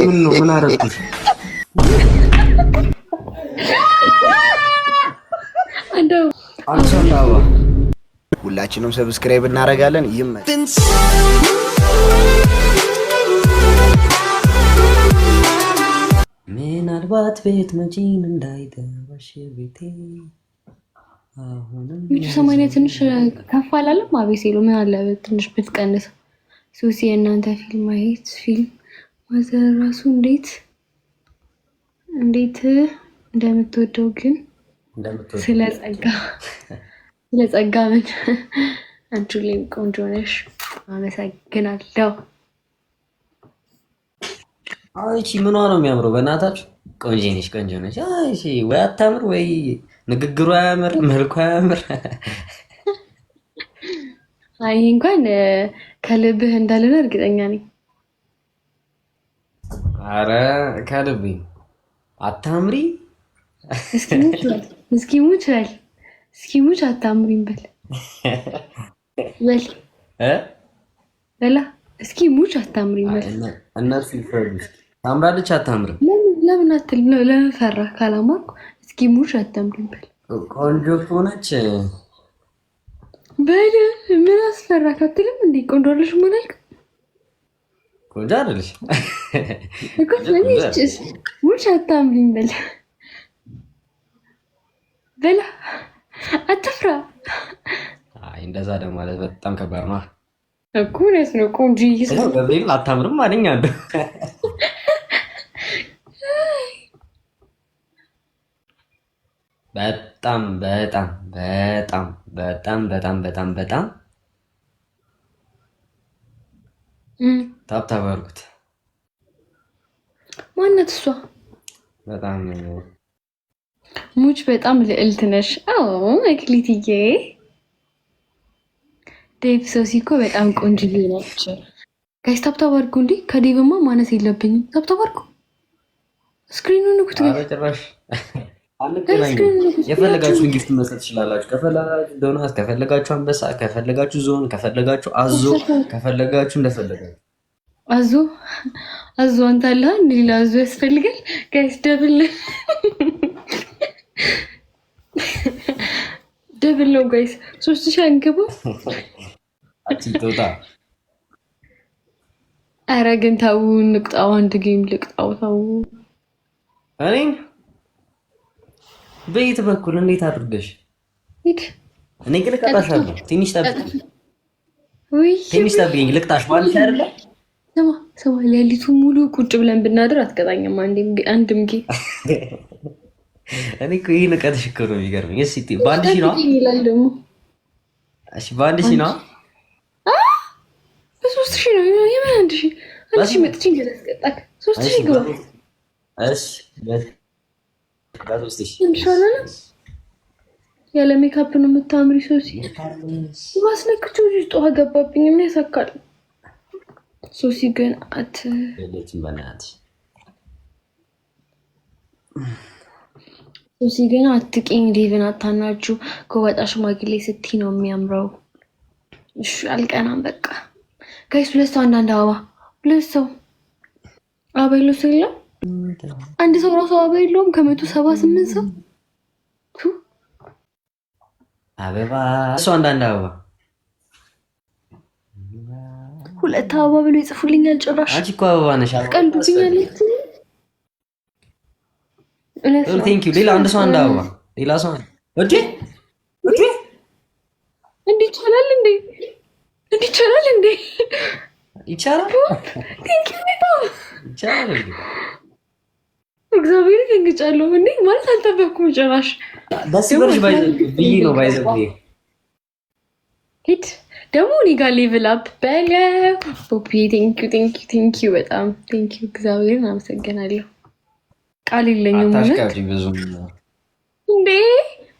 ምን ነው ምን አደረኩት? አዲስ አበባ ሁላችንም ሰብስክራይብ እናደርጋለን። ምናልባት ቤት መቼም እንዳይደባሽ ቤቴ ሚቹ ሰማንያ ትንሽ ከፍ አላለም? አቤት ሴሎ ምን አለ ትንሽ ብትቀንስ ሱሲ የእናንተ ፊልም ማየት ፊልም ወዘር ራሱ እንዴት እንዴት እንደምትወደው ግን ስለ ጸጋ ስለ ጸጋ ምን አንቺ ላይም ቆንጆ ነሽ። አመሰግናለሁ። አይቺ ምኗ ነው የሚያምረው? በእናታችሁ ቆንጆ ነሽ፣ ቆንጆ ነሽ። አይቺ ወይ አታምር፣ ወይ ንግግሩ አያምር፣ መልኩ አያምር። አይ እንኳን ከልብህ እንዳልሆነ እርግጠኛ ነኝ። አረ ከልቤ አታምሪ እስኪ ሙች በል እስኪ ሙች አታምሪም በል በል በላ እስኪ ሙች አታምሪም በል። እነሱ ይፈሉ ታምራለች አታምርም? ለምን አትል ነው ለምን ፈራ ካላማርኩ እስኪ ሙች አታምሪም በል። ቆንጆ ሆነች በል ምን አስፈራ ካትልም እንዴ ቆንጆ አለሽ ምን አልክ? ቆንጆ አይደለሽ እኮ በላ በላ አትፍራ። አይ እንደዛ ደግሞ ማለት በጣም ከባድ ነው እኮ ነው ቆንጆ አታምርም አለኝ አንዱ በጣም በጣም በጣም በጣም በጣም በጣም በጣም ታብታብ አልኩት። ማነት እሷ በጣም ሙች በጣም ልዕልት ነሽ። አዎ መክሊትዬ፣ ዴቭ ሶሲ እኮ በጣም ቆንጅዬ ነች። ጋይስ ታብታብ አድርጉ። እንዲ ከዴቭማ ማነስ የለብኝም። ታብታብ አድርጉ። ስክሪኑ ንኩት። ጭራሽ የፈለጋችሁ ጊፍት መስጠት ትችላላችሁ። ከፈለጋችሁ ዶናት፣ ከፈለጋችሁ አንበሳ፣ ከፈለጋችሁ ዞን፣ ከፈለጋችሁ አዞ፣ ከፈለጋችሁ እንደፈለጋችሁ አዞ አዞ አንታላ ሌላ አዞ ያስፈልጋል ጋይስ። ደብል ደብል ነው ጋይስ። ሶስት ሺህ አንግቡ። አረ ግን ታው ንቅጣው፣ አንድ ጌም ልቅጣው። ታው እኔ በየት በኩል እንዴት አድርገሽ እኔ ግን ልቀጣሻለሁ። ትንሽ ጠብቂኝ፣ ትንሽ ጠብቂኝ ልቅጣሽ ማለት አይደለም ስማ ስማ፣ ሌሊቱ ሙሉ ቁጭ ብለን ብናድር አትቀጣኝም። አንድም ጌ እኔ ይህ ንቀት ሽክር ነው የሚገርመኝ። በአንድ ሺ ነዋ ደግሞ በአንድ ሺ ነው በሶስት ሺ ነው የምን አንድ ሺ አንድ ሺ መጥቼ ገለስቀጣክ ሶስት ሺ ግባ ያለ ሜካፕ ነው የምታምሪ ሰው ማስነክቹ ውስጥ ውሃ ገባብኝ። ምን ሶሲ ግን አት የለችም። በእናትሽ ሶሲ ግን አትቂኝ። ዴቭን አታናችሁ። ከወጣ ሽማግሌ ስትይ ነው የሚያምረው። እሺ አልቀናም። በቃ ጋይስ፣ ሁለት ሰው አንዳንድ አበባ፣ ሁለት ሰው አበባ የለው ሰው የለም። አንድ ሰው ራሱ አበባ የለውም። ከመቶ ሰባ ስምንት ሰው አበባ እሱ አንዳንድ አበባ ሁለት አበባ ብሎ ይጽፉልኛል። ጭራሽ አንቺ እኮ አበባ ነሽ። ዩ። ሌላ አንድ ሰው አንድ አበባ ሌላ ሰው እንዴ እንዴ እንዴ ይቻላል እንዴ እንዴ ይቻላል እንዴ ይቻላል። ዩ። ይቻላል እንዴ? እግዚአብሔር ደንግጫለሁ። እንዴ ማለት አልጠበኩም ጭራሽ። ደስ ይበልሽ ብዬሽ ነው ባይዘ ሂድ ደግሞ እኔ ጋር ሌቭል አፕ በለው ፖፒዬ። ቴንኪው ቴንኪው ቴንኪው በጣም ቴንኪው። እግዚአብሔርን አመሰግናለሁ። ቃል የለኝም እንዴ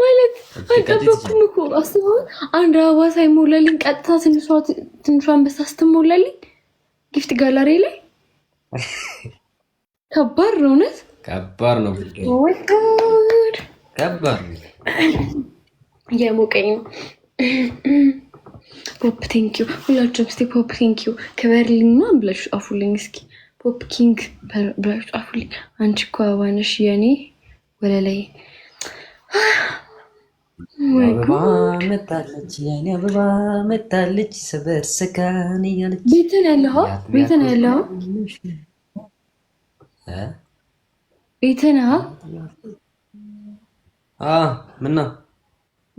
ማለት አልጠበኩም እኮ አስበው። አንድ አበባ ሳይሞላልኝ ቀጥታ ትንሿ አንበሳ ስትሞላልኝ ጊፍት ጋላሪ ላይ ከባድ ነው። እውነት ከባድ ነው። oh ከባድ የሞቀኝ ነው። ፖፕ ቴንኪዩ ሁላችሁም እስኪ ፖፕ ቴንኪዩ ክበርልኝ ምናምን ብላችሁ ጻፉልኝ። እስኪ ፖፕ ኪንግ ብላችሁ ጻፉልኝ። አንቺ እኮ አበባ ነሽ የኔ ወለላይ አበባ የኔ አበባ ስበር ስካን እያለች ቤት ነው ያለኸው? ቤት ነው ያለኸው? ቤት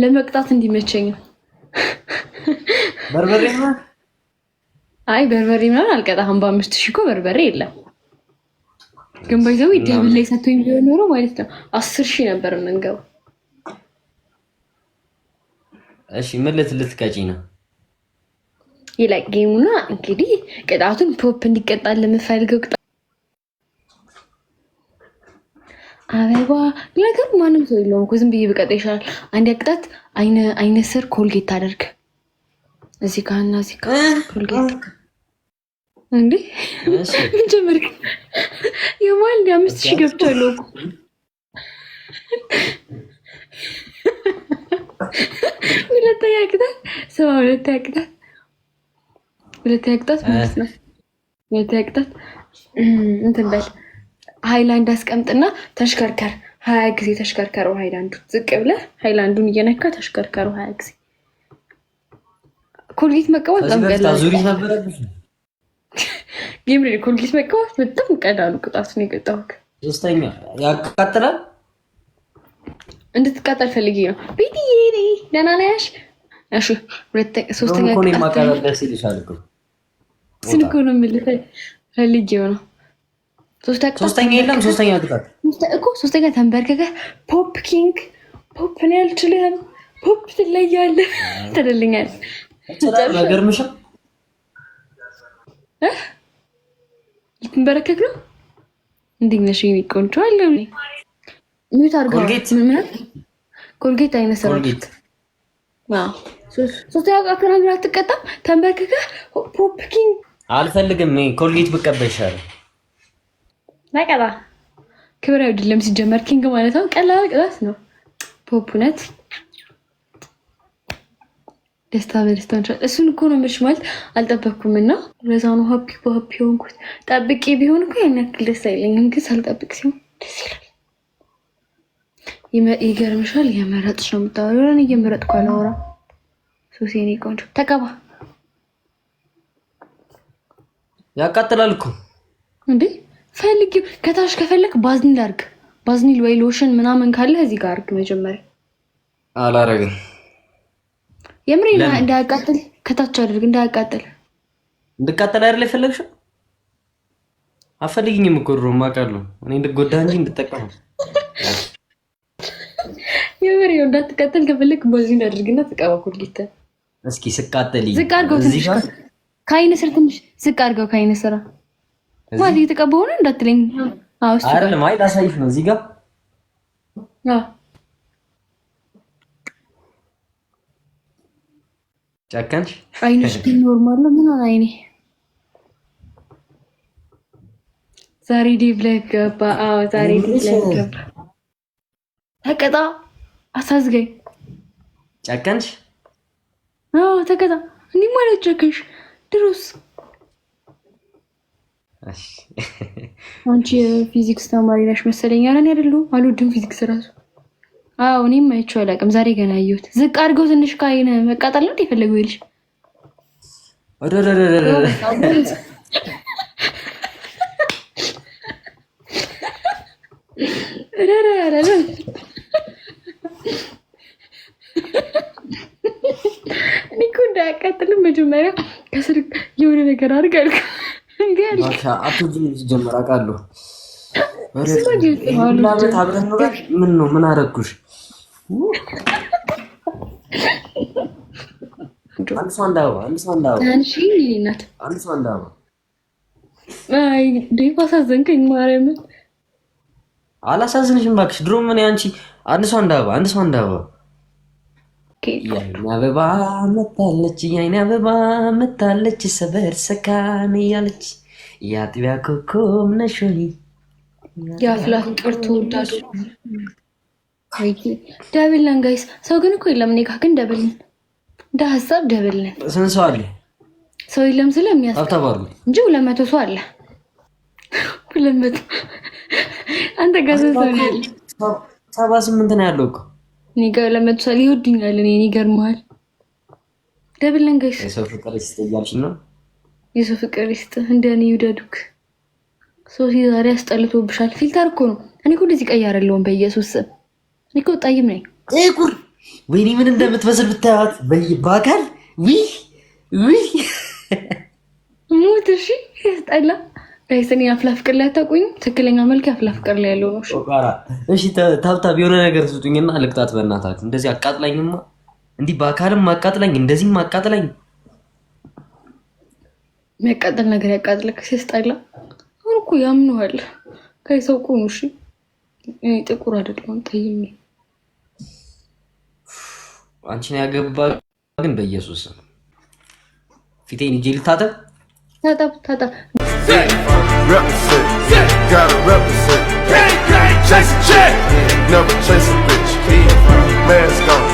ለመቅጣት እንዲመቸኝ በርበሬ አይ በርበሬ ምናምን አልቀጣም። በአምስት ሺህ እኮ በርበሬ የለም። ግን ባይዘው ደብል ላይ ሰጥቶኝ ቢሆን ኖሮ ማለት ነው አስር ሺህ ነበር የምንገባው። እሺ ምልት ልትቀጪ ነው? ይላቅ ጌሙና እንግዲህ ቅጣቱን ፖፕ እንዲቀጣ ለምፈልገው ቅጣ አበባ ነገር ማንም ሰው የለውም እኮ ዝም ብዬ ብቀጣ ይሻላል። አንድ ቅጣት አይነ ስር ኮልጌት አደርግ እዚህ ጋር እና እዚህ ጋር እንዴ ጀመር የማል አምስት ሺህ ገብቻለሁ እኮ ሁለተኛ ቅጣት ሰባ ሁለተኛ ቅጣት ሁለተኛ ቅጣት ማለት ነው። ሁለተኛ ቅጣት እንትን በል ሀይላንድ አስቀምጥና ተሽከርከር ሀያ ጊዜ ተሽከርከረው ሀይላንዱ ዝቅ ብለህ ሀይላንዱን እየነካ ተሽከርከረው ሀያ ጊዜ ኮልጌት መቀባት በጣም ቀላል ጌምሬ፣ ኮልጌት መቀባት በጣም ቀላሉ ቅጣት ነው የቀጣሁት። ሶስተኛ ያቃጥላል። እንድትቃጠል ፈልጌ ነው። ቤትዬ ደህና ነሽ? ሶስተኛ ስንት እኮ ነው የምልህ ፈልጌው ነው። ሶስተኛ የለም። ሶስተኛ ቅጣት እኮ ሶስተኛ ተንበርከከ ፖፕ ኪንግ ፖፕ ነው ያልችልህም ፖፕ ትለያለህ ትልልኛለህ አይገርምሽም? ልትንበረከክ ነው። እንዴት ነሽ የእኔ ቆንጆ? አለሁ እኔ ሚዩት አድርገው። ኮልጌት አይነት ሰራችሁት። ሶስተኛ ቀን አንድ አትቀጣም። ተንበርክከ ፖፕኪን አልፈልግም። ኮልጌት ብቀባ ይሻላል። ነቀላ ክብር አይደለም ሲጀመር ኪንግ ማለት ነው። ቀላል ቅጣት ነው ፖፕነት ደስታ በደስታ እንችላል። እሱን እኮ ነው የምልሽ ማለት አልጠበቅኩም እና በዛኑ ሀፒ በሀፒ ሆንኩት። ጠብቄ ቢሆን እኮ ያን ያክል ደስ አይለኝም፣ ግን ሳልጠብቅ ሲሆን ደስ ይላል። ይገርምሻል፣ የመረጥሽ ነው የምታወሪው። እኔ እየመረጥኩ አላወራም። ሶሴኔ ቆንጆ ተቀባ ያቃጥላል እኮ እንዴ! ፈልግ ከታሽ ከፈለግ ባዝኒል አርግ፣ ባዝኒል ወይ ሎሽን ምናምን ካለ እዚህ ጋር አርግ። መጀመሪያ አላረግም የምሬ እንዳያቃጥል ከታች አድርግ፣ እንዳያቃጥል። እንድቃጠል አይደለ የፈለግሽው? አፈልግኝም እኮ ድሮ አውቃለሁ እኔ እንድጎዳ እንጂ እንድጠቀም። የምሬ እንዳትቃጠል ከፈለግ በዚህ እንዳድርግና ተቃባ። ኮልጌታ እስኪ ስቃጠል ዝቅ አድርገው፣ ትንሽ ከአይነ ስር ትንሽ ዝቅ አድርገው፣ ከአይነ ስራ ማለት እየተቀባሁ ነው እንዳትለኝ። አይደለም፣ አይ ላሳይሽ ነው እዚህ ጋር ጨከንሽ። አይንሽ ግን ኖርማል ነው። ምን ሆነ አይኔ? ዛሬ ዴቭ ላይ ገባ። አዎ ዛሬ ዴቭ ላይ ገባ። ተቀጣ። አሳዝገኝ። ጨከንሽ። አዎ ተቀጣ። እኔ ማለት ጨከንሽ። ድሮስ አንቺ ፊዚክስ ተማሪ ነሽ መሰለኝ። ያለን አይደሉ? አልወድም ፊዚክስ ራሱ አዎ እኔም አይቼው አላውቅም። ዛሬ ገና አየሁት። ዝቅ አድርገው ትንሽ ከአይን መቃጠል ነው የፈለገው ይልሽ ኒኮ እንዳያቃጥልም መጀመሪያ ከስር የሆነ ነገር አድርጋል። ጀመር አውቃለሁ። ምን ነው ምን አደረኩሽ? አሳዘንከኝ። ማርያምን አላሳዝንሽም እባክሽ። ድሮም እኔ አንቺ አንድ ሰው አንድ አበባ አንድ ሰው አንድ አበባ አበባ መታለች የአይን አበባ መታለች ሰበር ሰካን እያለች የአጥቢያ ኮከብ ነሽ የአፍላ ፍቅር ተወዳጅ ደብል ነን ጋይስ። ሰው ግን እኮ የለም። እኔ ጋ ግን ደብልን እንደ ሀሳብ ደብልን። ነን። ስንት ሰው አለ? ሰው የለም ስለ የሚያስታባሉ እንጂ ሁለት መቶ ሰው አለ። ሁለት መቶ አንተ ጋ ስንት ሰው አለ? ሰባ ስምንት ነው ያለው እኮ እኔ ጋ ሁለት መቶ ሰው ይወዱኛል። እኔ ይገርመዋል። ደብልን ጋይስ። የሰው ፍቅር ይስጥ እያልሽ ነው። የሰው ፍቅር ይስጥ፣ እንደ እኔ ይውደዱክ። ሰው ዛሬ አስጠልቶብሻል። ፊልተር እኮ ነው። እኔ ሁሉ እዚህ ቀይ አይደለሁም በኢየሱስ ስም እኔ እኮ ጠይም ነኝ ጥቁር። ወይኔ ምን እንደምትመስል ብታያት በአካል ውይ ውይ ሙት። እሺ ጠላ ስኔ አፍላ ፍቅር ላይ አታውቁኝ። ትክክለኛ መልክ አፍላ ላይ ያለው ነው። እሺ ታብታብ የሆነ ነገር ስጡኝና ልቅጣት። በእናታት። እንደዚህ አቃጥላኝማ፣ እንዲህ በአካልም አቃጥላኝ፣ እንደዚህም አቃጥላኝ። የሚያቃጥል ነገር ያቃጥልክ ሲያስጠላ። አሁን እኮ ያምነዋል። ከሰው ቁኑ። እሺ ጥቁር አይደለሁም ጠይሜ አንቺን ያገባ ግን በኢየሱስ ፊቴን እጄ ልታጠብ ታጠብ ታጠብ። Never chase a bitch. Mask on.